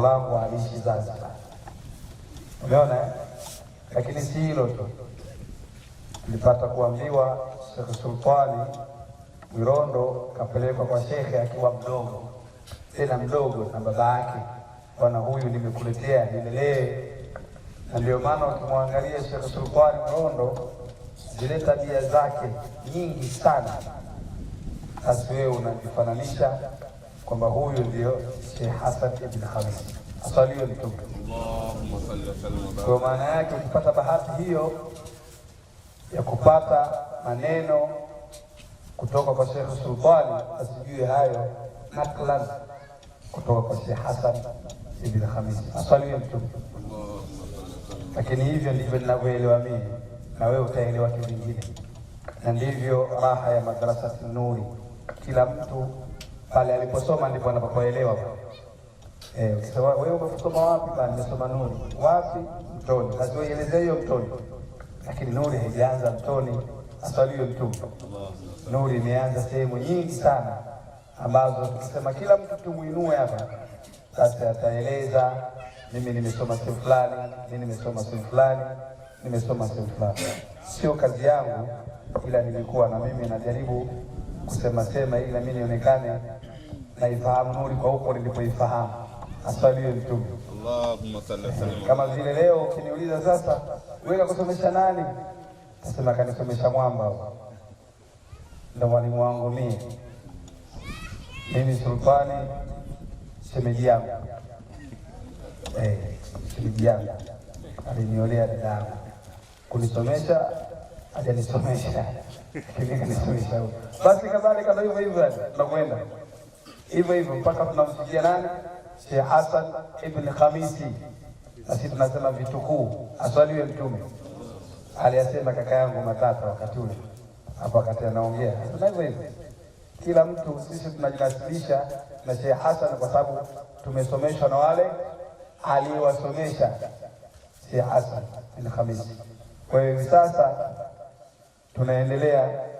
Mlambo anaishi Zanzibar, umeona. Eh? Lakini si hilo tu, nilipata kuambiwa Sheikh Sultani mirondo kapelekwa kwa shekhe akiwa mdogo, tena mdogo na baba yake, bwana huyu nimekuletea nielelee. Na ndio maana ukimwangalia Sheikh Sultani mirondo zile tabia zake nyingi sana, basi wewe unajifananisha kwamba huyu ndio Sheikh Hassan ibn Khamis asalio Mtume. Kwa maana yake ukipata bahati hiyo ya kupata maneno kutoka kwa Sheikh Sultani, asijue hayo naklan kutoka kwa Sheikh Hassan ibn Khamis asalio Mtume. Lakini hivyo ndivyo ninavyoelewa mimi, na wewe utaelewa kivingine, na ndivyo raha ya madrasa Nuri, kila mtu pale aliposoma ndipo anapoelewa. Eh, sasa wewe umesoma wapi? Bali nimesoma Nuri. Wapi? Mtoni. Lazima ielezee hiyo Mtoni. Lakini Nuri haijaanza Mtoni, aswali hiyo mtu. Nuri imeanza sehemu nyingi sana ambazo tukisema kila mtu tumuinue hapa, sasa ataeleza mimi nimesoma sehemu fulani, mimi nimesoma sehemu fulani, nimesoma sehemu fulani. Sio kazi yangu, ila nilikuwa na mimi najaribu kusema sema ili nami nionekane naifahamu nuri kwa huko nilipoifahamu. Aswaliwe Mtume, Allahumma salli sallim. Kama vile leo ukiniuliza sasa, wewe kakusomesha nani? Nasema kanisomesha mwamba, ndo mwalimu wangu mimi. Mimi Sultani shemeji yangu eh, shemeji yangu aliniolea dada yangu kunisomesha atanisomesha nisomesha. Basi kadhalika na hivyo hivyo tunakwenda hivyo hivyo mpaka tunamfikia nani, Sheikh Hasan ibn Khamisi, nasi tunasema vitukuu aswaliwe Mtume aliyasema kaka yangu matata wakati ule hapo, wakati anaongea na hivyo hivyo kila mtu sisi tunajinasibisha na Sheikh Hasan kwa sababu tumesomeshwa na wale aliyewasomesha Sheikh Hasan bin Khamisi. Kwa hiyo hivi sasa 不拿你勒呀？